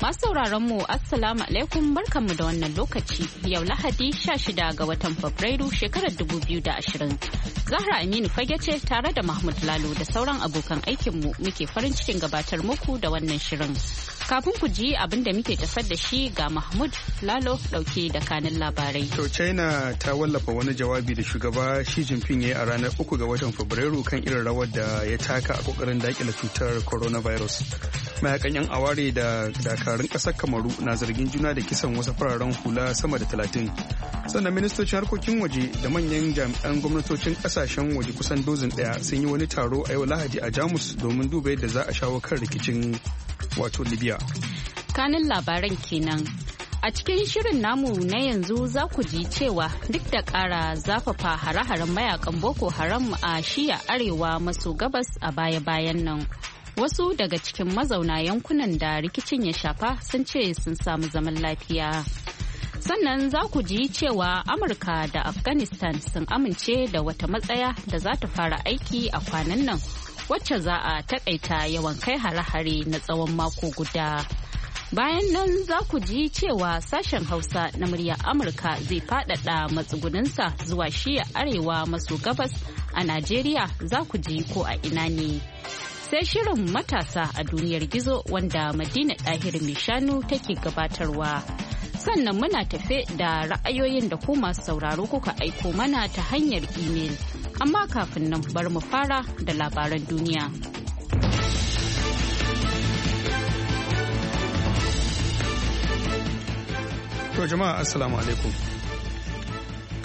Masu sauraron mu Assalamu alaikum barkanmu da wannan lokaci yau Lahadi 16 ga watan Fabrairu shekarar 2020. Zahra Aminu fage ce tare da Mahmud Lalo da sauran abokan aikinmu muke farin cikin gabatar muku da wannan shirin. Kafin ku ji abin da muke tafar da shi ga Mahmud Lalo dauke da kanin labarai. To China ta wallafa wani jawabi da shugaba Xi Jinping ya a ranar uku ga watan Fabrairu kan irin rawar da ya taka a kokarin dakile cutar coronavirus. Mayakan yan aware da daka dakarun ƙasar kamaru na zargin juna da kisan wasu fararen hula sama da talatin sannan ministocin harkokin waje da manyan jami'an gwamnatocin ƙasashen waje kusan dozin ɗaya sun yi wani taro a yau lahadi a jamus domin duba yadda za a shawo kan rikicin wato libya kanin labaran kenan A cikin shirin namu na yanzu za ku ji cewa duk da kara zafafa hare-haren mayakan Boko Haram a shiya arewa maso gabas a baya-bayan nan. wasu daga cikin mazauna yankunan da rikicin ya shafa sun ce sun samu zaman lafiya sannan za ku ji cewa amurka da afghanistan sun amince da wata matsaya da za ta fara aiki a kwanan nan wacce za a takaita yawan kai hare-hare na tsawon mako guda bayan nan za ku ji cewa sashen hausa na murya amurka zai faɗaɗa matsuguninsa zuwa shiya arewa maso gabas a najeriya za ku ji ko a ina ne sai shirin matasa a duniyar gizo wanda madina ɗahir mai shanu take gabatarwa sannan muna tafe da ra'ayoyin da ku masu sauraro kuka aiko mana ta hanyar imel amma kafin nan bar mu fara da labaran duniya to jama'a assalamu alaikum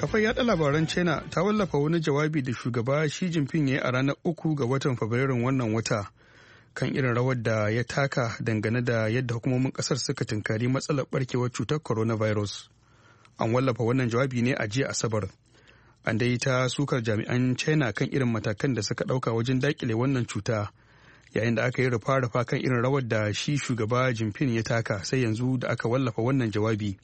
kafar yada labaran china ta wallafa wani jawabi da shugaba shi jinping ya yi a ranar uku ga watan fabrairun wannan wata kan irin rawar da ya taka dangane da yadda hukumomin kasar suka tunkari matsalar barkewar cutar coronavirus an wallafa wannan jawabi ne a jiya asabar an dai ta sukar jami'an china kan irin matakan da suka dauka wajen dakile wannan cuta yayin da aka yi rufa-rufa kan irin rawar da shi shugaba jinping ya taka sai yanzu da aka wallafa wannan jawabi.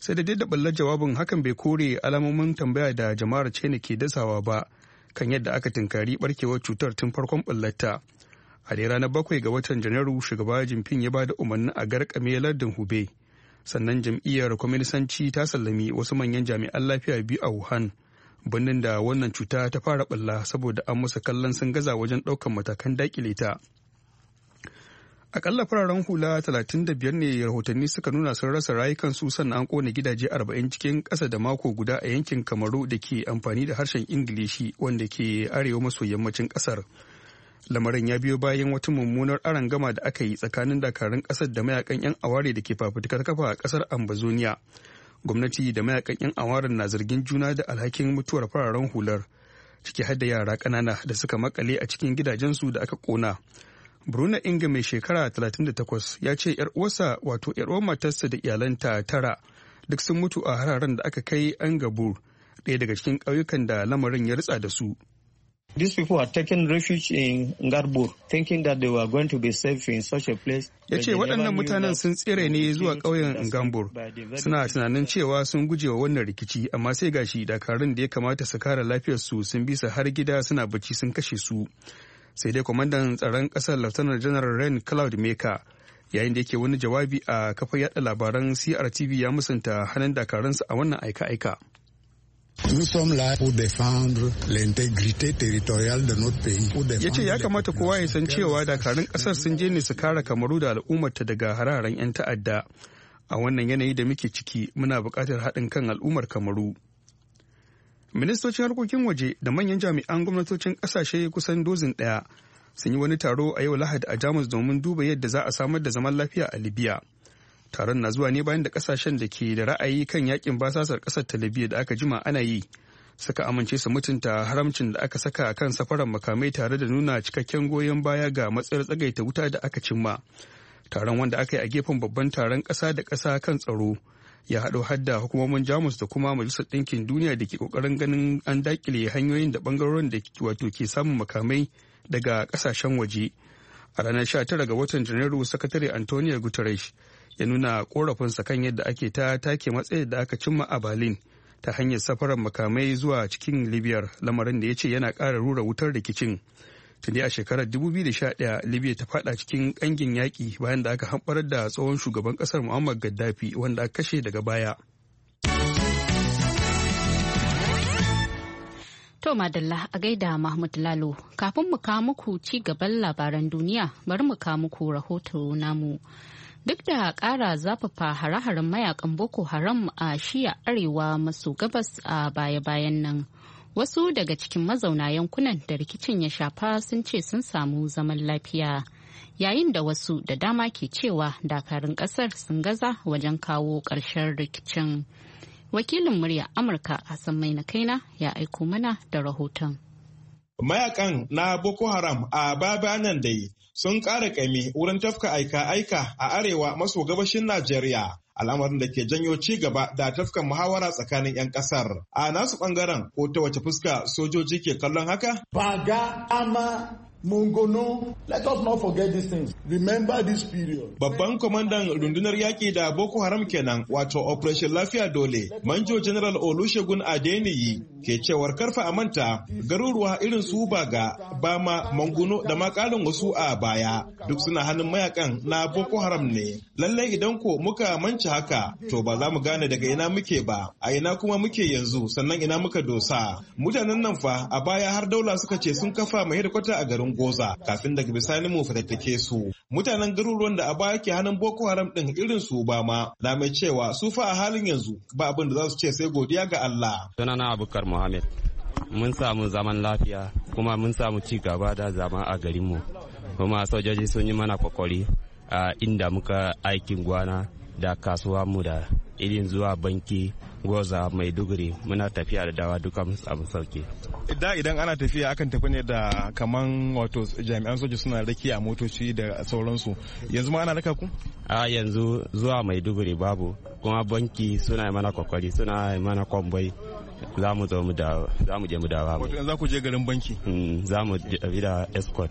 sai da da ballar jawabin hakan bai kore alamomin tambaya da jama'ar china ke dasawa ba kan yadda aka tinkari barkewar cutar tun farkon ballarta a dai ranar bakwai ga watan janairu shugaba jinping ya ba da umarni a garkame lardin hubei sannan jam'iyyar kwaminisanci ta sallami wasu manyan jami'an lafiya biyu a wuhan birnin da wannan cuta ta fara balla saboda an musu kallon sun gaza wajen ɗaukan matakan dakile ta akalla fararen hula 35 ne rahotanni suka nuna sun rasa rayukansu sannan an kone gidaje 40 cikin kasa da mako guda a yankin kamaru da ke amfani da harshen ingilishi wanda ke arewa maso yammacin ƙasar lamarin ya biyo bayan wata mummunar gama da aka yi tsakanin dakarun ƙasar da mayakan 'yan aware da ke fafutukar kafa a ƙasar ambazonia gwamnati da mayakan 'yan awaren na zargin juna da alhakin mutuwar fararen hular ciki har da yara ƙanana da suka makale a cikin gidajensu da aka ƙona. bruna Inga mai shekara 38 ya ce ‘yar uwarsa wato ‘yar uwar matarsa da iyalanta tara duk sun mutu a hararen da aka kai an gabur ɗaya daga cikin ƙauyukan da lamarin ya ritsa da su. These people are taking refuge in Ngarbur, thinking that they were going to be safe in such a place. Ya ce waɗannan mutanen sun tsere ne zuwa ƙauyen Ngambur. Suna tunanin cewa sun guje wa wannan rikici, amma sai gashi dakarun da ya kamata su kare lafiyarsu sun bi su har gida suna bacci sun kashe su. sai dai kwamandan tsaron ƙasar lieutenant general ren cloud maker yayin da yake wani jawabi a kafar yada labaran crtv ya musanta hannun dakaransa a wannan aika-aika ya ce ya kamata kowa ya san cewa dakarun kasar sun je ne su kara kamaru da al'ummarta daga hararen 'yan ta'adda a wannan yanayi da muke ciki muna buƙatar haɗin kan al'ummar kamaru ministocin harkokin waje da manyan jami'an gwamnatocin kasashe kusan dozin ɗaya sun yi wani taro a yau lahadi a jamus domin duba yadda za a samar da zaman lafiya a libya taron na zuwa ne bayan da kasashen da ke da ra'ayi kan yakin basasar kasar ta libya da aka jima ana yi suka amince su mutunta haramcin da aka saka a kan safarar makamai tare da nuna cikakken goyon baya ga matsayar tsagaita wuta da aka cimma taron wanda aka yi a gefen babban taron ƙasa da ƙasa kan tsaro ya haɗo hadda hukumomin jamus da kuma majalisar ɗinkin duniya da ke ƙoƙarin ganin an dakile hanyoyin da ɓangarorin da wato ke samun makamai daga ƙasashen waje a ranar 19 ga watan janairu sakatare antonio guterres ya nuna korafinsa kan yadda ake ta take matsayin da aka cimma a berlin ta hanyar safarar makamai zuwa cikin libyar lamarin da ya ce yana ƙara rura wutar rikicin tunda a shekarar 2011 libya ta fada cikin kangin yaƙi bayan da aka hamɓarar da tsohon shugaban ƙasar muhammad gaddafi wanda aka kashe daga baya To Madalla a gaida Mahmud Lalo kafin mu ka muku ci gaban labaran duniya bari mu ka muku rahoto namu. Duk da ƙara zafafa hare mayakan Boko Haram a shiya arewa maso gabas a baya-bayan nan. wasu daga cikin mazauna yankunan da rikicin ya shafa sun ce sun samu zaman lafiya yayin da wasu da dama ke cewa dakarun kasar sun gaza wajen kawo ƙarshen rikicin wakilin murya amurka hassan mai na kaina ya aiko mana da rahoton mayakan na boko haram a babanan dai sun ƙara ƙaimi wurin tafka aika-aika a arewa maso gabashin najeriya al'amarin da ke janyo ci gaba da tafkan muhawara tsakanin 'yan kasar a nasu bangaren ko ta wace fuska sojoji ke kallon haka baga ama Mungono, let us not forget these things. Remember this period. Babban kwamandan rundunar yaƙi da Boko Haram kenan, wato Operation Lafiya Dole, Manjo General Olusegun Adeniyi ke cewar karfa a manta garuruwa irin su baga bama manguno da makalin wasu a baya duk suna hannun mayakan na boko haram ne lallai idan ko muka manci haka to ba za mu gane daga ina muke ba a ina kuma muke yanzu sannan ina muka dosa mutanen nan fa a baya har daula suka ce sun kafa mai hedikwata a garin goza kafin daga bisani mu fatattake su mutanen garuruwan da a baya ke hannun boko haram din irin su ba ma, na mai cewa su fa a halin yanzu ba abin da za su ce sai godiya ga Allah Muhammad. Mun samu zaman lafiya kuma mun samu ci gaba da zama a garinmu. Kuma sojoji sun yi mana kokori a inda muka aikin gwana da kasuwa mu da irin zuwa banki goza mai duguri muna tafiya da dawa duka abu sauki da idan ana tafiya akan tafi ne da kaman wato jami'an soji suna raki a motoci da sauransu yanzu ma ana raka ku a yanzu zuwa mai duguri babu kuma banki suna mana kwakwari suna mana kwambai za mu zo mu dawo za mu je mu dawo wato za ku je garin banki mm, za mu je da escort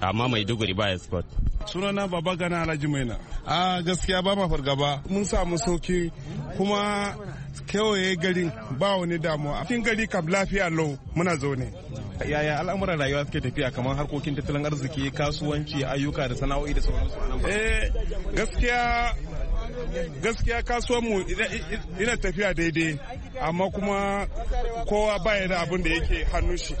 amma mai duguri ba escort sunana baba gana alhaji maina a gaskiya ba ma fargaba mun samu sauki kuma kewaye gari ba wani damuwa a cikin gari kam lafiya lau muna zaune yaya al'amuran rayuwa suke tafiya kamar harkokin tattalin arziki kasuwanci ayyuka da sana'o'i da sauransu eh gaskiya gaskiya mu ina tafiya daidai amma kuma kowa baya da abin da yake hannun shi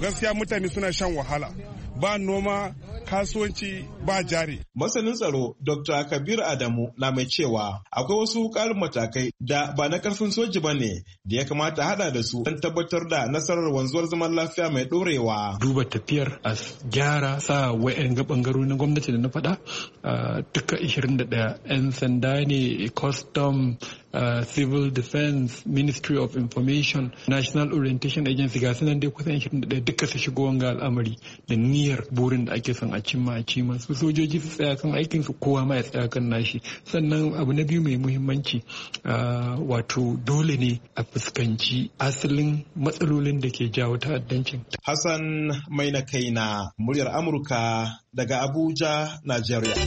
gaskiya mutane suna shan wahala ba noma kasuwanci ba jari. Masanin tsaro Dr. Kabir Adamu na mai cewa akwai wasu ƙarin matakai da ba na karfin soji ba ne da ya kamata hada da su don tabbatar da nasarar wanzuwar zaman lafiya mai ɗorewa. Duba tafiyar a gyara sa wa'yan ga ɓangarori na gwamnati da na faɗa ah, duka 21 'yan sanda ne custom Uh, civil defense ministry of information national orientation agency ga sunan dai kusan da duka su shigo wanga al'amari da niyyar burin da ake son a cimma a cimma su sojoji su tsaya kan aikin su kowa ma ya tsaya kan nashi sannan abu na biyu mai muhimmanci uh, wato dole ne a fuskanci asalin matsalolin da ke jawo ta'addancin hassan mai na kai na muryar amurka daga abuja nigeria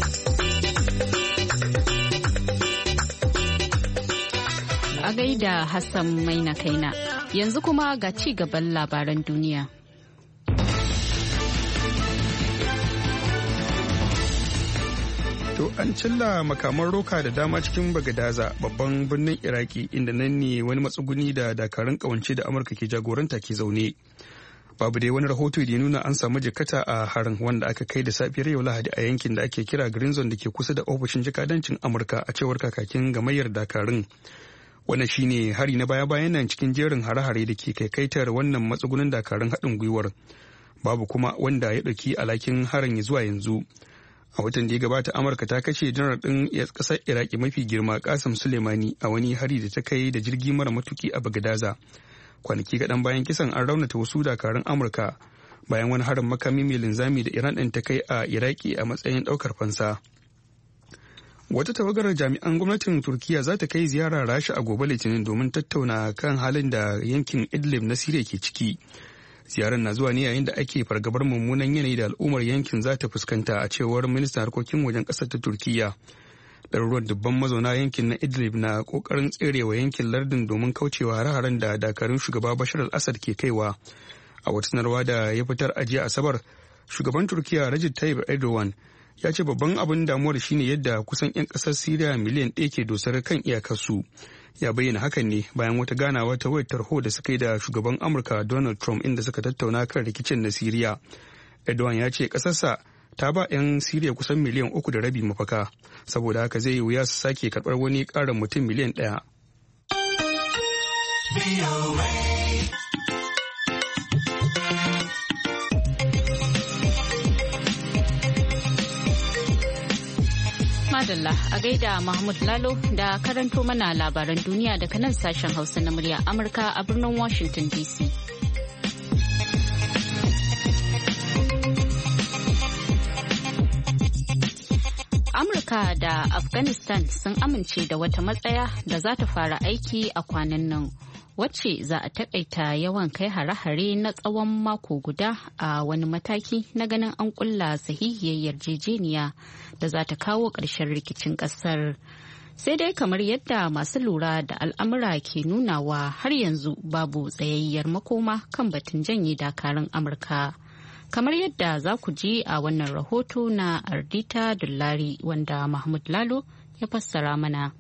da Hassan Maina Kaina. Yanzu kuma ga ci gaban labaran duniya. To an cilla makaman roka da dama cikin Bagadaza babban birnin Iraki inda nan ne wani matsuguni da dakarun kawance da Amurka ke jagoranta ke zaune. Babu dai wani rahoto da ya nuna an samu jikata a harin wanda aka kai da safiyar yau Lahadi a yankin da ake kira Green Zone da ke kusa da ofishin jikadancin Amurka a cewar kakakin gamayyar dakarun. wannan shine hari na baya-bayan nan cikin jerin hare-hare da ke kaikaitar wannan matsugunin dakarun haɗin gwiwar babu kuma wanda ya ɗauki alakin harin zuwa yanzu a watan da ya gabata amurka ta kashe janar ɗin ƙasar iraki mafi girma kasim suleimani a wani hari da ta kai da jirgi mara matuki a bagadaza kwanaki kaɗan bayan kisan an raunata wasu dakarun amurka bayan wani harin makami mai linzami da iran ɗin ta kai a iraki a matsayin ɗaukar fansa Wata tawagar jami'an gwamnatin Turkiya za ta kai ziyara Rasha a gobe Litinin domin tattauna kan halin da yankin Idlib na Siriya ke ciki. Ziyarar na zuwa ne yayin da ake fargabar mummunan yanayi da al'ummar yankin za ta fuskanta a cewar ministan harkokin wajen ƙasar ta Turkiya. Ɗaruruwan dubban mazauna yankin na Idlib na ƙoƙarin tserewa yankin lardin domin kaucewa hare-haren da dakarun shugaba Bashar al-Assad ke kaiwa. A wata sanarwa da ya fitar a Asabar, shugaban Turkiya Recep Tayyip Erdogan ya ce babban abin damuwar shine yadda kusan 'yan ƙasar siriya miliyan ɗaya ke dosar kan iyakarsu ya bayyana hakan ne bayan wata ganawa ta wayar tarho da suka yi da shugaban amurka donald trump inda suka tattauna kan rikicin na siriya edward ya ce ƙasarsa ta ba 'yan siriya kusan miliyan uku da rabi mafaka saboda haka zai yi wuya su sake karɓar wani ƙarin mutum miliyan ɗaya. madalla a gaida Mahmud Lalo da karanto mana labaran duniya daga nan sashen Hausa na murya Amurka a birnin Washington DC. Amurka da Afghanistan sun amince da wata matsaya da za ta fara aiki a kwanan nan. wacce za a takaita yawan kai hare-hare na tsawon mako guda a wani mataki na ganin an kulla sahihiyar yarjejeniya da za ta kawo ƙarshen rikicin ƙasar. Sai dai kamar yadda masu lura da al'amura ke nunawa har yanzu babu tsayayyar makoma kan batun janye dakarun Amurka. Kamar yadda za ku ji a wannan rahoto na Ardita Dullari wanda Mahmud Lalo ya fassara mana.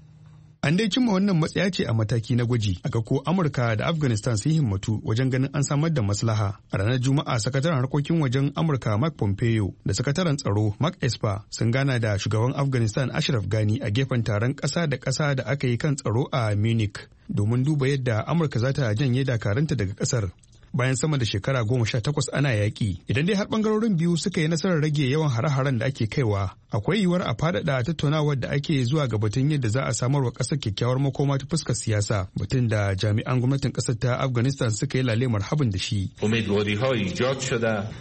An dai cimma wannan matsaya ce a mataki na gwaji, aka ko Amurka da Afghanistan sun himmatu wajen ganin an samar da maslaha. A ranar Juma'a sakataren harkokin wajen Amurka Mark Pompeo da sakataren tsaro Mark Esper sun gana da shugaban Afghanistan Ashraf gani a gefen taron ƙasa da ƙasa da aka yi kan tsaro a Munich domin duba yadda Amurka za ta janye dakaranta daga ƙasar. bayan sama da shekara goma sha takwas ana yaƙi idan dai har bangarorin biyu suka yi nasarar rage yawan hare-haren da ake kaiwa akwai yiwuwar a faɗaɗa tattaunawar da ake zuwa ga batun yadda za a samarwa ƙasar kyakkyawar makoma ta fuskar siyasa batun da jami'an gwamnatin ƙasar ta afghanistan suka yi lalemar habin da shi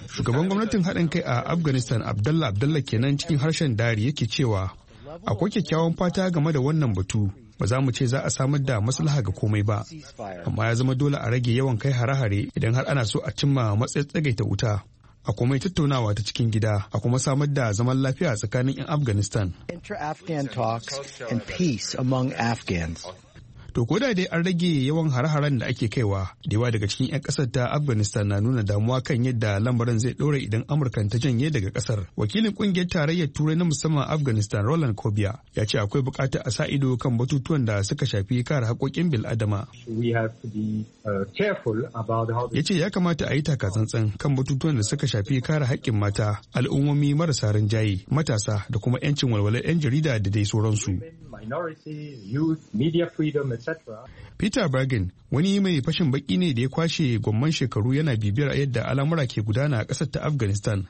shugaban gwamnatin haɗin kai a afghanistan abdallah abdallah kenan cikin harshen dari yake cewa akwai kyakkyawan fata game da wannan batu ba za mu ce za a samar da maslaha ga komai ba amma ya zama dole a rage yawan kai hare-hare idan har ana so a cimma matsayin tsagaita wuta a komai tattaunawa ta cikin gida a kuma samar da zaman lafiya tsakanin 'yan afghanistan To ko da dai an rage yawan hare-haren da ake kaiwa, da yawa daga cikin 'yan kasar ta Afghanistan na nuna damuwa kan yadda lamarin zai ɗora idan Amurka ta janye daga kasar. Wakilin kungiyar tarayyar Turai na musamman Afghanistan Roland Kobia ya ce akwai bukatar a sa ido kan batutuwan da suka shafi kare haƙoƙin bil'adama. Uh, ya ce ya kamata a yi takatsantsan kan batutuwan da suka shafi kare haƙƙin mata, al'ummomi marasa rinjaye, matasa da kuma 'yancin walwalar 'yan jarida da dai sauransu. etc. Peter Bergen wani mai fashin baki ne da ya kwashe gwamman shekaru yana bibiyar a yadda al'amura ke gudana a ƙasar ta Afghanistan.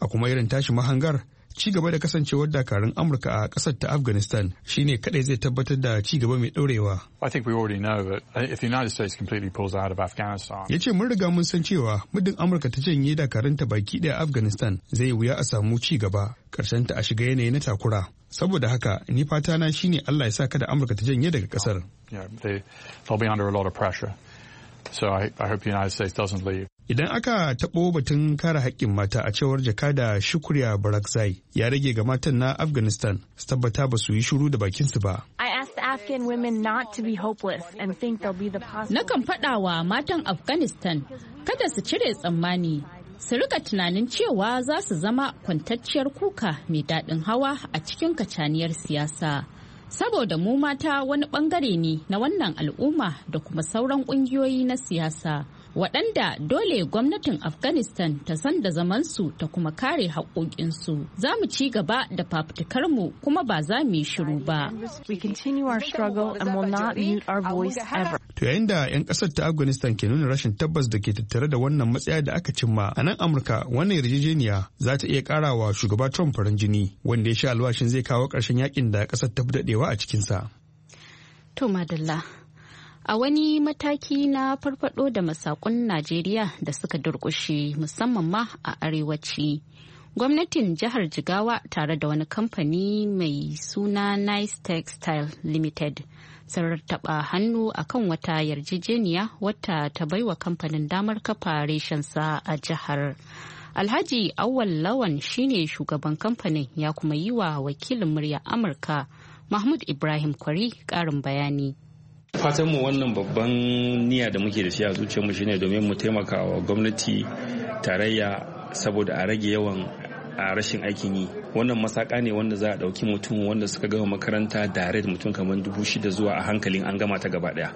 A kuma irin tashi mahangar ci gaba da kasancewar dakarun Amurka a ƙasar ta Afghanistan shine kadai zai tabbatar da ci gaba mai ɗorewa. Ya ce mun riga mun san cewa muddin Amurka ta janye dakarun ta baki ɗaya Afghanistan zai wuya a samu ci gaba, ƙarshenta a shiga yanayi na takura. saboda haka ni fata na shine Allah ya sa kada Amurka ta janye daga kasar. Idan aka taɓo batun kare haƙƙin mata a cewar jakada Shukriya Barakzai ya rage ga matan na Afghanistan su tabbata ba su yi shuru da bakinsu ba. Nakan faɗa faɗawa matan Afghanistan kada su cire tsammani su rika tunanin cewa za su zama kwantacciyar kuka mai daɗin hawa a cikin kacaniyar siyasa. Saboda mu mata wani ɓangare ne na wannan al'umma da kuma sauran ƙungiyoyi na siyasa. waɗanda dole gwamnatin afghanistan ta san da zamansu ta kuma kare haƙoƙinsu za mu ci gaba da fafutukarmu kuma ba za mu yi shiru ba We will continue our our struggle and not mute voice ever. To yayin da 'yan kasar ta Afghanistan ke nuna rashin tabbas da ke tattare da wannan matsaya da aka cimma a nan Amurka wannan yarjejeniya za ta iya karawa shugaba Trump farin jini wanda ya sha alwashin zai kawo ƙarshen yakin da kasar ta daɗewa a cikinsa. To madalla. A wani mataki na farfado da masakun Najeriya da suka durƙushe musamman ma a arewaci. gwamnatin jihar jigawa tare da wani kamfani mai suna nice textile limited sun rattaba hannu kan wata yarjejeniya wata ta baiwa kamfanin damar kafa reshensa a jihar. Alhaji Awal Lawan shine shugaban kamfanin ya kuma yi wa wakilin murya Amurka Mahmud Ibrahim Kwari ƙarin bayani. fatan mu wannan babban niyya da muke da shi a zuciyarmu shine domin mu taimaka wa gwamnati tarayya saboda a rage yawan a rashin aikin yi wannan masaka ne wanda za a ɗauki mutum wanda suka gama makaranta da mutum kamar dubu shida zuwa a hankalin an gama ta gaba daya.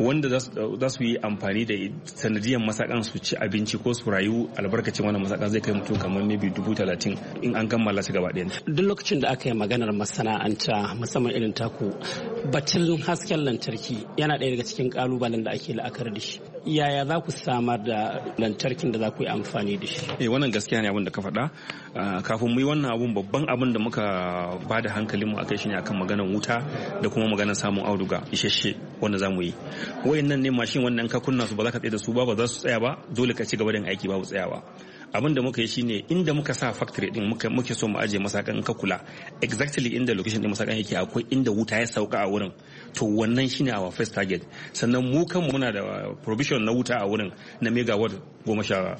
wanda za su yi amfani da sanadiyan masakan su ci abinci ko su rayu albarkacin wannan masaka zai kai mutum kamar bi dubu talatin in an kammala ta gaba daya duk lokacin da aka yi maganar masana'anta musamman irin taku batun hasken lantarki yana ɗaya daga cikin kalubalen da ake la'akar da shi yaya za ku samar da lantarkin da za ku yi amfani da shi eh wannan gaskiya ne abin da ka faɗa ah, kafin mu yi wannan abun babban abin da muka ba da hankalinmu a kai ne akan maganar wuta da kuma maganar samun auduga isasshe wanda za mu yi wayannan ne mashin wannan ka kunna su ba za ka tsaye da su ba ba za su tsaya ba dole ka ci gaba da aiki babu tsayawa abin da muka yi shine inda muka sa factory din muka muke so mu aje masakan in ka kula exactly inda location din masakan yake akwai inda wuta ya sauka a wurin to wannan shine our first target sannan mu kanmu muna da provision na wuta a wurin na megawatt goma sha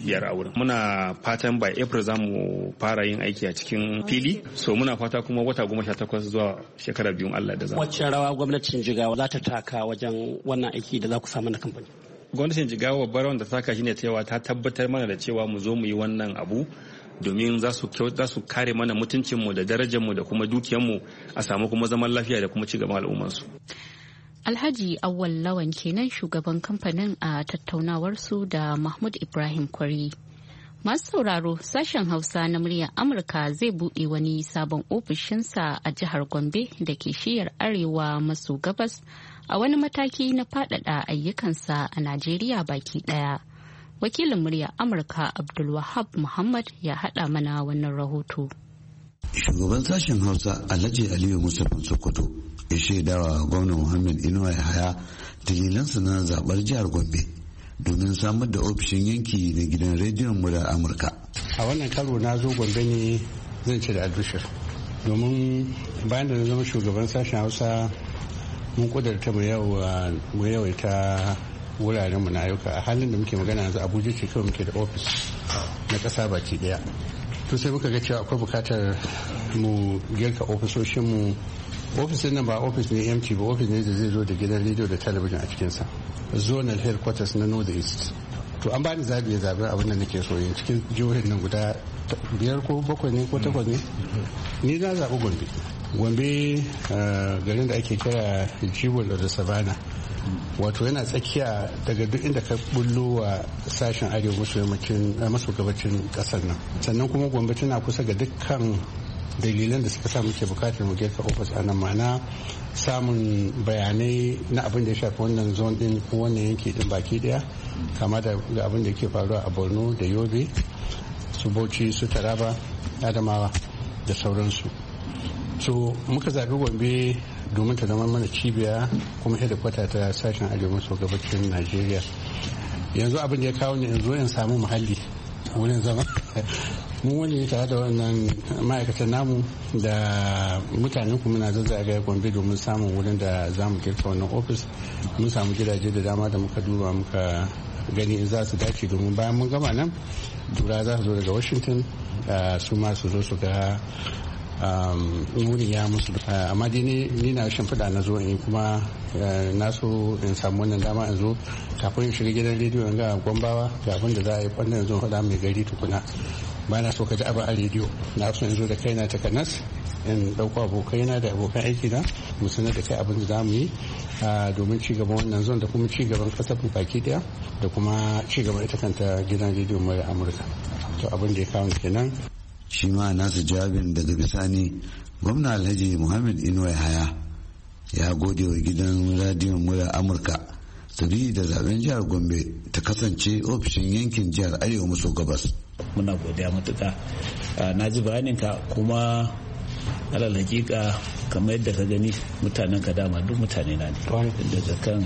biyar a wurin muna fatan by april za mu fara yin aiki a cikin fili so muna fata kuma wata goma sha takwas zuwa shekara biyun allah da za wacce rawa gwamnatin jigawa za ta taka wajen wannan aiki da za ku samu na kamfani gwamnatin jigawa babbar wanda ta kashi ne cewa ta tabbatar mana da cewa mu zo mu yi wannan abu domin za su kare mana mutuncinmu da darajarmu da kuma dukiyarmu a samu kuma zaman lafiya da kuma cigaban al'ummarsu. Alhaji Awwal Lawan kenan shugaban kamfanin a tattaunawar su da Mahmud Ibrahim Kwari. Masu sauraro sashen Hausa na muryar Amurka zai buɗe wani sabon ofishinsa a jihar Gombe da ke shiyar Arewa maso gabas a wani mataki na faɗaɗa ayyukansa a Najeriya baki ɗaya. Wakilin murya Amurka Abdulwahab Muhammad ya haɗa mana wannan rahoto. Shugaban sashen Hausa Alhaji Aliyu Mustapha Sokoto ya shaidawa gwamnan Muhammad Inuwa Yahaya dalilansa na zaɓar jihar Gombe domin samar da ofishin yanki na gidan rediyon murar Amurka. A wannan karo na zo Gombe ne zan ce da albishir domin bayan da na zama shugaban sashen Hausa mun kudurta uh, mu yawaita wuraren mu na ayyuka a halin da muke magana yanzu abuja ce kawai muke da ofis na kasa baki daya to sai muka ga cewa akwai bukatar mu girka ofisoshin mu ofisin nan ba ofis ne mt ba ofis ne da zai zo da gidan rediyo da talabijin a cikinsa zonal headquarters na north east to an bani zabi zabi abin da nake so yin cikin jihohin nan guda biyar ko bakwai ne ko takwas ne mm-hmm. ni na zaɓi gombe gombe eh, garin da ake kira jiwon da savannah wato yana tsakiya daga duk inda ka bullo wa sashen arewa maso eh, gabacin kasar nan sannan kuma gombe tana kusa ga dukkan dalilan da suka sa muke bukatar mu girka ofis a nan ma'ana samun bayanai na abin da ya shafi wannan zon din ko wannan yanki din baki daya kama da abin da ke faruwa a borno da yobe su bauchi su taraba adamawa da sauransu so muka zaɓi gombe domin ta zama mana cibiya kuma kwata ta sashen arewa maso gabacin najeriya yanzu abin da ya kawo ne yanzu in samu muhalli wurin zama mun wani tare da wannan ma'aikatan namu da mutane kuma na zazzaga gombe domin samun wurin da za mu girka wannan ofis mun samu gidaje da dama da muka duba muka gani in za su dace domin bayan mun gama nan tura za su zo daga washington ah, su ma su zo su ga Um, wuni ya musu amma dai ni na shimfiɗa na zo in kuma eh, na so in samu wannan dama in zo kafin in shiga gidan rediyo ga gwambawa ga abin da za a yi kwanan yanzu faɗa mai gari tukuna ba na so ka ji abu a rediyo na so in zo da kaina ta kanas in ɗauko abokaina da abokan aiki na mu sanar da kai abin da za mu yi ah, domin gaban wannan zon da kuma cigaban kasar baki daya da kuma cigaban ita kanta gidan rediyo mai amurka to abin da ya kawo kenan shi ma nasu jawabin daga bisani gwamna alhaji muhammad inuwa haya ya gode wa gidan radiyon mura amurka sabi da zaben jihar gombe ta kasance ofishin yankin jihar arewa maso gabas muna godiya matuka ah, na ji ka kuma alal hakika kamar yadda ka gani mutanen ka dama duk mutane na ne da kan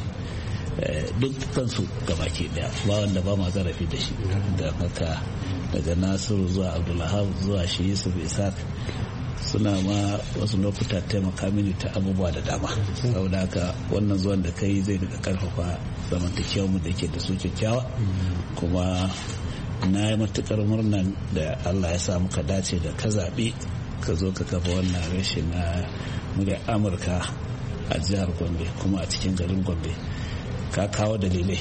Eh, dukkansu gabaki daya ba wanda ba ma zarafi da shi da haka daga nasiru zuwa abdullahab zuwa shi yusuf isaac suna ma wasu lokuta taimaka mini ta abubuwa da dama saboda haka wannan zuwan da kai zai daga karfafa zamantakewar mu da ke da su kyakkyawa kuma na yi matukar murnan da allah ya sa muka dace da ka zaɓi ka zo ka kafa wannan rashin na muryar amurka a jihar gombe kuma a cikin garin gombe ka kawo dalilai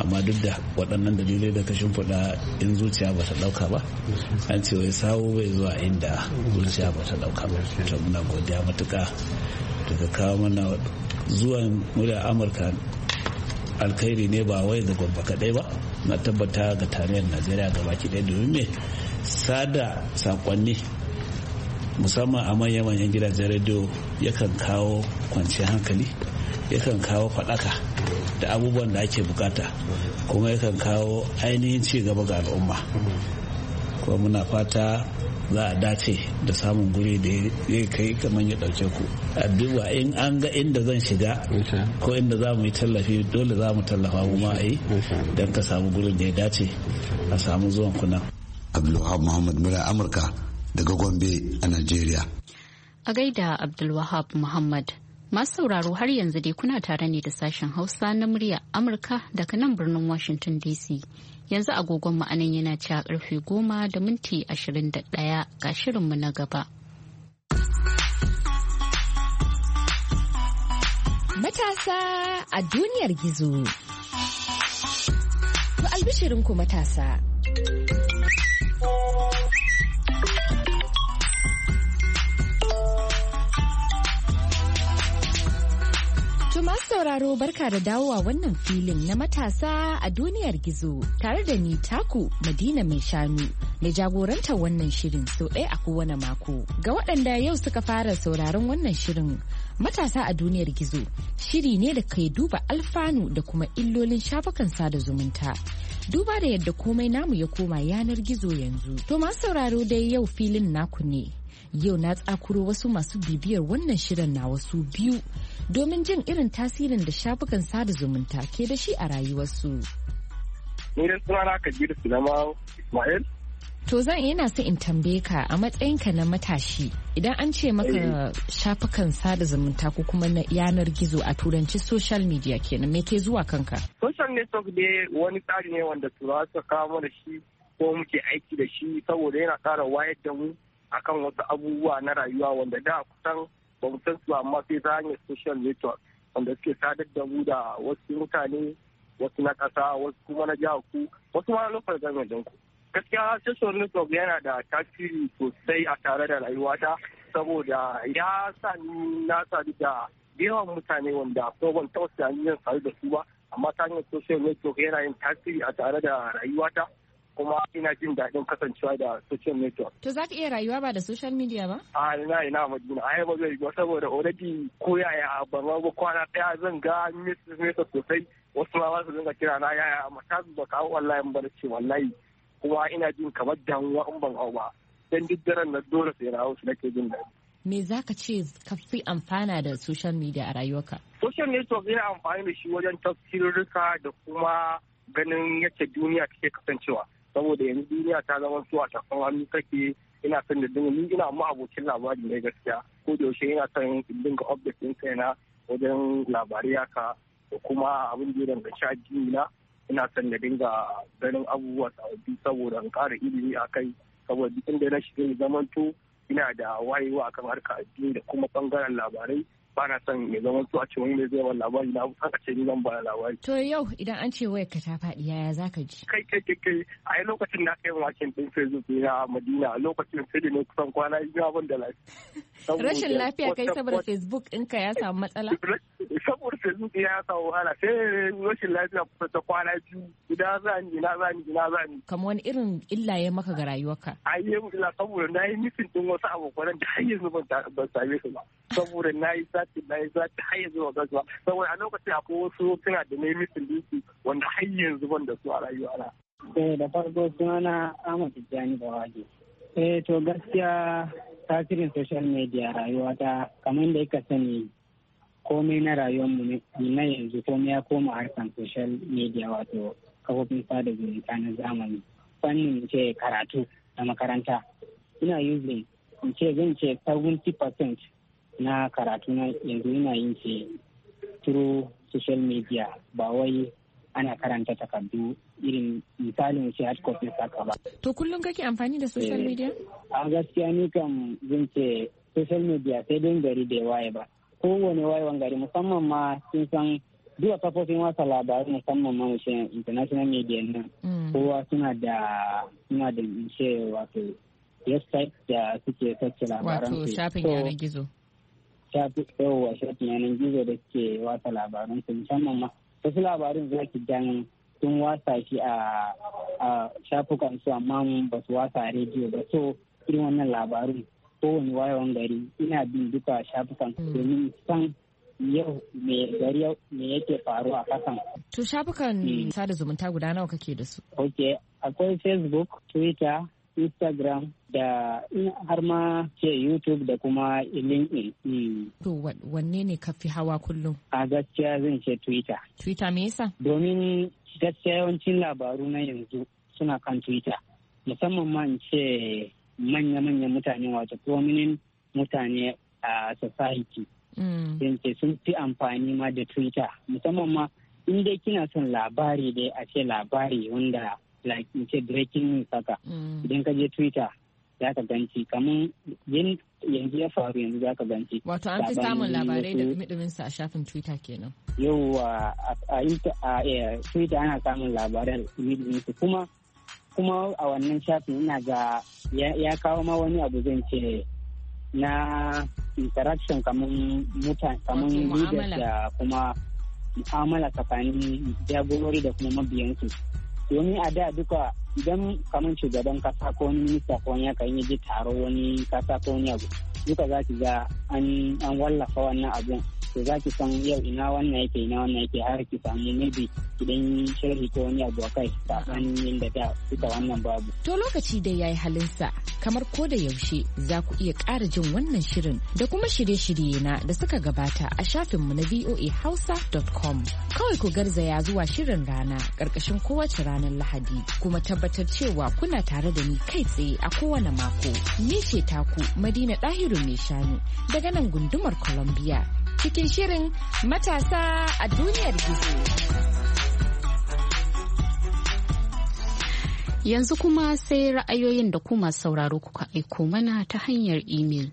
amma duk da waɗannan dalilai da ka shimfiɗa in zuciya ba ta ɗauka ba an ce wai sawo bai zuwa inda zuciya ba ta ɗauka ba ta muna godiya matuƙa daga kawo mana zuwan murya amurka alkhairi ne ba wai da gwamba kaɗai ba na tabbata ga tarayyar najeriya ga baki ɗaya domin me sada saƙonni musamman a manya-manyan gidajen rediyo yakan kawo kwanciyar hankali yakan kawo faɗaka da abubuwan da ake bukata kuma yakan kawo ainihin ci gaba ga al'umma kuma muna fata za a dace da samun guri da ya kai kamar ya ɗauke ku addu'a in an ga inda zan shiga ko inda za mu yi tallafi dole za mu tallafa kuma a yi don ka samu gurin da ya dace a samu zuwan kuna abdulwahab muhammad mura amurka daga gombe a nigeria a gaida abdulwahab muhammad Masu sauraro har yanzu dai kuna tare ne da sashen Hausa na murya Amurka daga nan birnin Washington DC. Yanzu agogon ma'anan yana ci karfe goma da minti ashirin da ɗaya ga shirinmu na gaba. Matasa a duniyar gizo. Ku albishirinku matasa. masu sauraro barka da dawowa wannan filin na matasa a duniyar gizo tare da ni taku Madina mai shanu mai jagorantar wannan shirin sau ɗaya a kowane mako. Ga waɗanda yau suka fara sauraron wannan shirin matasa a duniyar gizo shiri ne da kai duba alfanu da kuma illolin shafukan sada zumunta. Duba da yadda komai namu ya koma yanar gizo yanzu. To masu sauraro dai yau filin naku ne yau na tsakuro wasu masu bibiyar wannan shirin na wasu biyu domin jin irin tasirin da shafukan sada zumunta ke da shi a rayuwarsu. Ismail. To zan yana so in tambaye ka a matsayinka na matashi idan an ce maka eh. shafukan sada zumunta ko kuma na yanar gizo a turanci social media kenan me ke zuwa kanka? Social network ne wani tsari ne wanda turawa suka kawo mana shi ko muke aiki da shi saboda yana kara wayar da mu akan wasu abubuwa na rayuwa wanda da kusan ba mu san su amma sai ta hanyar social network wanda suke sadar da mu da wasu mutane wasu na ƙasa wasu kuma na jihar ku wasu ma na lokacin gwamnatin ku gaskiya social network yana da tasiri sosai a tare da rayuwata saboda ya sa ni na sadu da yawan mutane wanda ko ban taɓa tunanin sadu da su ba amma ta hanyar social network yana yin tasiri a tare da rayuwata kuma ina jin daɗin kasancewa da social network. To za ka iya rayuwa ba da social media ba? A ina ina madina a ba zai yiwu saboda already ko yaya ban ba kwana ɗaya zan ga nesa sosai wasu ma ba su dinga kira na yaya amma ta ka hau wallahi in bar ce wallahi kuma ina jin kamar damuwa in ban hau ba dan duk na dole sai na hau su nake jin daɗi. me za ka ce ka fi amfana da social media a rayuwarka? Social network yana amfani da shi wajen tafsirarka da kuma ganin yadda duniya take kasancewa. saboda yanzu duniya ta zama su a tafin hannu take ina son da dinga ni ina mu abokin labari ne gaskiya ko da yaushe ina son in dinga update din kaina wajen labarai haka da kuma abin da ya sha addini na ina son da dinga ganin abubuwa sababbi saboda in ƙara ilimi a kai saboda duk inda na shiga zamanto ina da wayewa akan harka addini da kuma bangaren labarai ba na son ya zama su a ce wani zai ba labari na san a ce ni zan ba labari. To yau idan an ce wayar ka ta faɗi yaya za ka ji? Kai kai kai kai a yi lokacin na kai wakin ɗin Facebook na Madina lokacin sai da ne kusan kwana biyu abin da lafiya. Rashin lafiya kai saboda Facebook ɗinka ya samu matsala? Saboda Facebook ya samu wahala sai rashin lafiya kusan ta kwana biyu ina za ni ina za ni ina za ni. Kamar wani irin illa ya maka ga rayuwarka? A yi illa saboda na yi nufin ɗin wasu abokanan da har yanzu ban same su ba. Saboda na yi ce na za ta har yanzu ba saboda a lokacin akwai wasu suna da na mitin dinsu wanda har yanzu ban da su a rayuwa na. Eh, da farko sunana Ahmad Tijjani Bawage. Eh to gaskiya tasirin social media rayuwa ta kamar da ka sani komai na rayuwarmu na yanzu komai ya koma harkan social media wato kafofin sada zumunta na zamani fannin ce karatu na makaranta ina using in ce zan ce 70% na karatu na yanzu yana yin ce through social media ba wai ana karanta takardu irin misalin wuce hard copy saka ba. To kullum kake amfani da social eh, media? A gaskiya ni kan zan ce social media sai dai gari da waye ba. Kowane wani gari musamman ma sun san duka kafofin wasa labarai musamman ma wuce international media nan mm. kowa suna da suna da wuce wato website da suke sace labaran wato shafin yanar gizo yawwa shafin yanar gizo da ke wasa labarun su musamman ma wasu labarin za ki dan sun wasa shi a shafukan su amma ba su wasa a rediyo ba so irin wannan labarun kowane wayawan gari ina bin duka shafukan hmm. domin san yau me gari me yake faru a kasan. To shafukan hmm. sada zumunta guda nawa kake da su? Ok, akwai Facebook, Twitter, instagram da har ma ke youtube da kuma linkedin hmm. to wanne ne ka fi hawa kullum a gaskiya zan ce twitter twitter me yasa domin gaskiya yawancin labaru na yanzu suna kan twitter musamman ma in ce manya-manyan mutane wato prominent mutane a society hmm. ce sun fi amfani ma da twitter musamman ma in dai kina son labari dai a ce labari wanda like in ce breaking news haka mm. idan ka je twitter za ka ganci kamar yin yanzu ya faru yanzu za ka ganci wato an fi samun labarai da dumi sa a shafin twitter kenan yauwa a twitter ana samun labaran dumi kuma kuma a wannan shafin ina ga ya kawo ma wani abu zan ce na interaction kamar mutane kamar leaders da kuma mu'amala tsakanin jagorori da kuma mabiyansu domin a da duka idan kamar shugaban kasa ko wani minista ko wani yakan yi taro wani kasa ko wani abu duka za ki ga an wallafa wannan abun to za ki san yau ina wannan yake ina wannan yake har ki samu maybe idan sharhi ko wani abu akai sabanin da ta wannan babu. To lokaci dai yayi halinsa kamar ko da yaushe za ku iya ƙara jin wannan shirin da kuma shirye-shirye na da suka gabata a shafinmu na voahausa.com. Kawai ku garzaya zuwa shirin rana ƙarƙashin kowace ranar Lahadi kuma tabbatar cewa kuna tare da ni kai tsaye a kowane mako. Ni ce taku Madina ɗahiru mai shanu daga nan gundumar Columbia cikin shirin matasa a duniyar gizo. Yanzu kuma sai ra'ayoyin da kuma sauraro kuka aiko mana ta hanyar imel.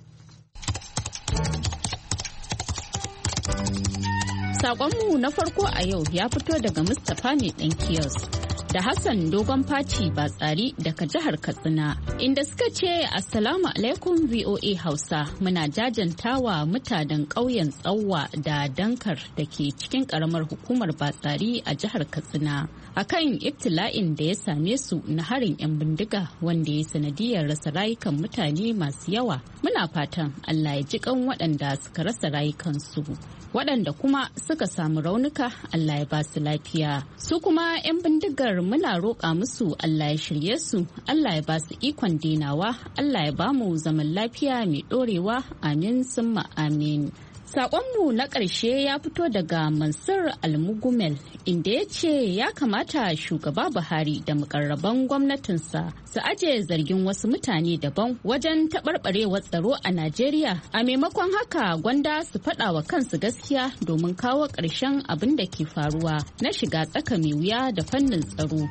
Saƙonmu na farko a yau ya fito daga Mustapha mai ɗan kiosk. da Hassan Dogon Faci Batsari daga jihar Katsina inda suka ce Assalamu alaikum VOA Hausa muna jajantawa mutanen ƙauyen tsawa da dankar da ke cikin ƙaramar hukumar Batsari a jihar Katsina a akan ibtila'in da ya same su na harin 'yan bindiga wanda ya sanadiyar rasa rayukan mutane masu yawa muna fatan Allah ya ji kan waɗanda suka rasa rayukansu waɗanda kuma suka samu raunuka Allah ya ba su lafiya su kuma 'yan bindigar muna roƙa musu Allah ya shirye su, Allah ya ba su ikon denawa, Allah ya ba mu zaman lafiya mai ɗorewa, amin sun amin. Sakonmu na ƙarshe ya fito daga Mansur Almugumel inda ya ce ya kamata shugaba Buhari da mukarraban gwamnatinsa su aje zargin wasu mutane daban wajen taɓarɓarewar tsaro a Najeriya. A maimakon haka gwanda su faɗa wa kansu gaskiya domin kawo ƙarshen abin da ke faruwa na shiga tsaka mai wuya da fannin tsaro.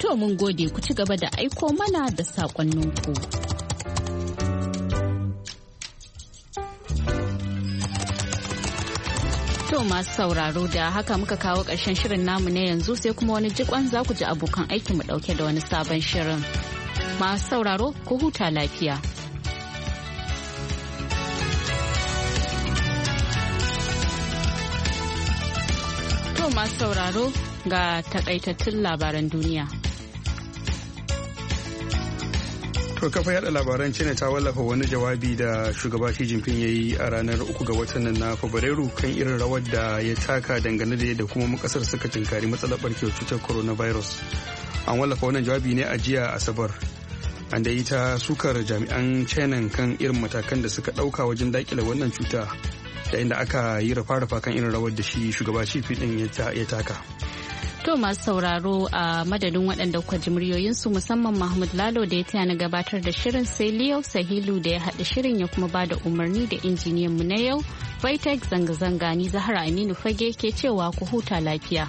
To mun gode ku ci gaba da aiko mana da saƙonninku. To masu sauraro da haka muka kawo ƙarshen shirin namu ne yanzu sai kuma wani jikon za ku ji abokan aiki mu ɗauke da wani sabon shirin. Masu sauraro ku huta lafiya. To masu sauraro ga takaitattun labaran duniya. To kafa yada labaran China ta wallafa wani jawabi da shugaba Xi Jinping ya yi a ranar uku ga watan nan na Fabrairu kan irin rawar da ya taka dangane da yadda kuma kasar suka tinkari matsalar barkewar cutar coronavirus. An wallafa wannan jawabi ne a jiya Asabar. An da ta sukar jami'an China kan irin matakan da suka ɗauka wajen dakile wannan cuta yayin da aka yi rafa-rafa kan irin rawar da shi shugaba Xi Jinping ya taka. To masu sauraro a madadin waɗanda kuka ji muryoyinsu musamman Mahmud Lalo da ya taya na gabatar da shirin sai Leo Sahilu da ya haɗa shirin ya kuma ba da umarni da injiniyan mu na yau. Vitek zanga-zanga ni Zahra Aminu Fage ke cewa ku huta lafiya.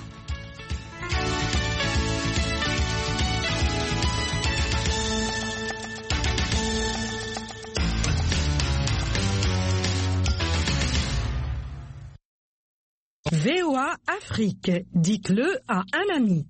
VOA Afrique. Dites-le à un ami.